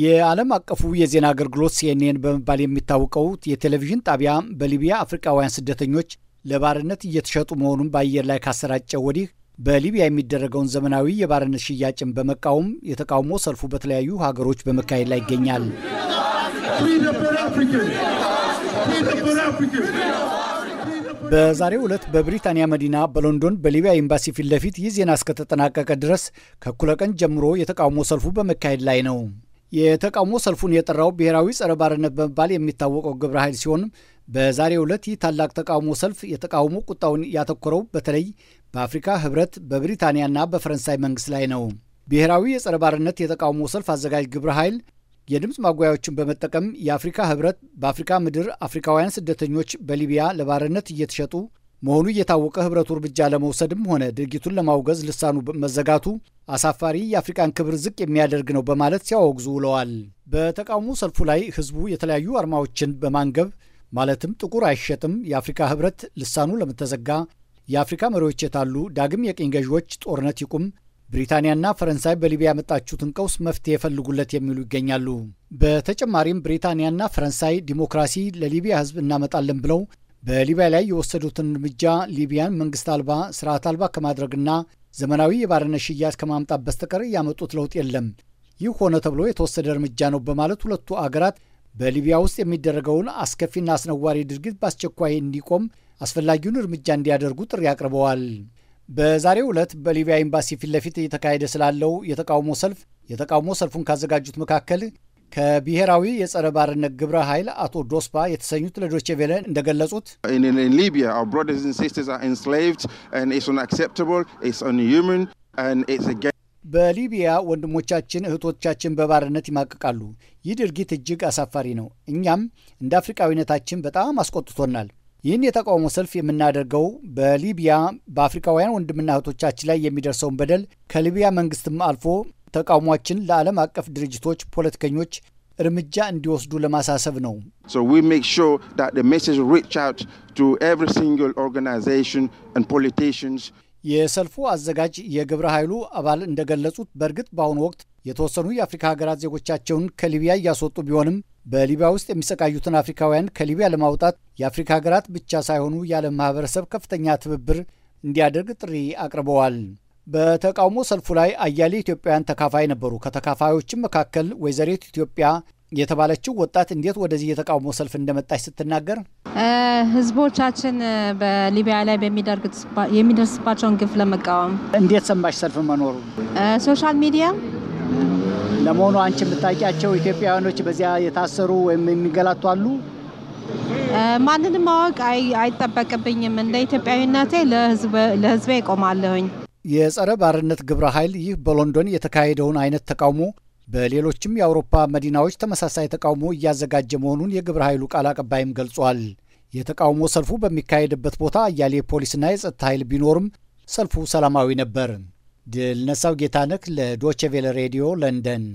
የዓለም አቀፉ የዜና አገልግሎት ሲኤንኤን በመባል የሚታወቀው የቴሌቪዥን ጣቢያ በሊቢያ አፍሪካውያን ስደተኞች ለባርነት እየተሸጡ መሆኑን በአየር ላይ ካሰራጨው ወዲህ በሊቢያ የሚደረገውን ዘመናዊ የባርነት ሽያጭን በመቃወም የተቃውሞ ሰልፉ በተለያዩ ሀገሮች በመካሄድ ላይ ይገኛል። በዛሬው ዕለት በብሪታንያ መዲና በሎንዶን በሊቢያ ኤምባሲ ፊት ለፊት ይህ ዜና እስከተጠናቀቀ ድረስ ከእኩለ ቀን ጀምሮ የተቃውሞ ሰልፉ በመካሄድ ላይ ነው። የተቃውሞ ሰልፉን የጠራው ብሔራዊ ጸረ ባርነት በመባል የሚታወቀው ግብረ ኃይል ሲሆን በዛሬው ዕለት ይህ ታላቅ ተቃውሞ ሰልፍ የተቃውሞ ቁጣውን ያተኮረው በተለይ በአፍሪካ ህብረት በብሪታንያና በፈረንሳይ መንግስት ላይ ነው። ብሔራዊ የጸረ ባርነት የተቃውሞ ሰልፍ አዘጋጅ ግብረ ኃይል የድምፅ ማጓያዎችን በመጠቀም የአፍሪካ ህብረት በአፍሪካ ምድር አፍሪካውያን ስደተኞች በሊቢያ ለባርነት እየተሸጡ መሆኑ እየታወቀ ህብረቱ እርምጃ ለመውሰድም ሆነ ድርጊቱን ለማውገዝ ልሳኑ መዘጋቱ አሳፋሪ የአፍሪቃን ክብር ዝቅ የሚያደርግ ነው በማለት ሲያወግዙ ውለዋል። በተቃውሞ ሰልፉ ላይ ህዝቡ የተለያዩ አርማዎችን በማንገብ ማለትም ጥቁር አይሸጥም፣ የአፍሪካ ህብረት፣ ልሳኑ ለምተዘጋ፣ የአፍሪካ መሪዎች የታሉ፣ ዳግም የቅኝ ገዢዎች ጦርነት ይቁም፣ ብሪታንያና ፈረንሳይ በሊቢያ ያመጣችሁትን ቀውስ መፍትሄ የፈልጉለት የሚሉ ይገኛሉ። በተጨማሪም ብሪታንያና ፈረንሳይ ዲሞክራሲ ለሊቢያ ህዝብ እናመጣለን ብለው በሊቢያ ላይ የወሰዱትን እርምጃ ሊቢያን መንግስት አልባ ስርዓት አልባ ከማድረግና ዘመናዊ የባርነት ሽያጭ ከማምጣት በስተቀር ያመጡት ለውጥ የለም። ይህ ሆነ ተብሎ የተወሰደ እርምጃ ነው በማለት ሁለቱ አገራት በሊቢያ ውስጥ የሚደረገውን አስከፊና አስነዋሪ ድርጊት በአስቸኳይ እንዲቆም አስፈላጊውን እርምጃ እንዲያደርጉ ጥሪ አቅርበዋል። በዛሬው ዕለት በሊቢያ ኤምባሲ ፊት ለፊት እየተካሄደ ስላለው የተቃውሞ ሰልፍ የተቃውሞ ሰልፉን ካዘጋጁት መካከል ከብሔራዊ የጸረ ባርነት ግብረ ኃይል አቶ ዶስፓ የተሰኙት ለዶቼ ቬለ እንደገለጹት በሊቢያ ወንድሞቻችን እህቶቻችን በባርነት ይማቅቃሉ። ይህ ድርጊት እጅግ አሳፋሪ ነው። እኛም እንደ አፍሪካዊነታችን በጣም አስቆጥቶናል። ይህን የተቃውሞ ሰልፍ የምናደርገው በሊቢያ በአፍሪካውያን ወንድምና እህቶቻችን ላይ የሚደርሰውን በደል ከሊቢያ መንግስትም አልፎ ተቃውሟችን ለዓለም አቀፍ ድርጅቶች ፖለቲከኞች እርምጃ እንዲወስዱ ለማሳሰብ ነው። የሰልፉ አዘጋጅ የግብረ ኃይሉ አባል እንደገለጹት በእርግጥ በአሁኑ ወቅት የተወሰኑ የአፍሪካ ሀገራት ዜጎቻቸውን ከሊቢያ እያስወጡ ቢሆንም በሊቢያ ውስጥ የሚሰቃዩትን አፍሪካውያን ከሊቢያ ለማውጣት የአፍሪካ ሀገራት ብቻ ሳይሆኑ የዓለም ማህበረሰብ ከፍተኛ ትብብር እንዲያደርግ ጥሪ አቅርበዋል። በተቃውሞ ሰልፉ ላይ አያሌ ኢትዮጵያውያን ተካፋይ ነበሩ። ከተካፋዮችም መካከል ወይዘሪት ኢትዮጵያ የተባለችው ወጣት እንዴት ወደዚህ የተቃውሞ ሰልፍ እንደመጣች ስትናገር ህዝቦቻችን በሊቢያ ላይ የሚደርስባቸውን ግፍ ለመቃወም። እንዴት ሰማሽ ሰልፍ መኖሩ? ሶሻል ሚዲያ። ለመሆኑ አንቺ የምታውቂያቸው ኢትዮጵያውያኖች በዚያ የታሰሩ ወይም የሚገላቱ አሉ? ማንንም ማወቅ አይጠበቅብኝም። እንደ ኢትዮጵያዊነቴ ለህዝቤ እቆማለሁኝ። የጸረ ባርነት ግብረ ኃይል ይህ በሎንዶን የተካሄደውን አይነት ተቃውሞ በሌሎችም የአውሮፓ መዲናዎች ተመሳሳይ ተቃውሞ እያዘጋጀ መሆኑን የግብረ ኃይሉ ቃል አቀባይም ገልጿል። የተቃውሞ ሰልፉ በሚካሄድበት ቦታ አያሌ የፖሊስና የጸጥታ ኃይል ቢኖርም ሰልፉ ሰላማዊ ነበር። ድል ነሳው ጌታነክ ለዶቼ ቬለ ሬዲዮ ለንደን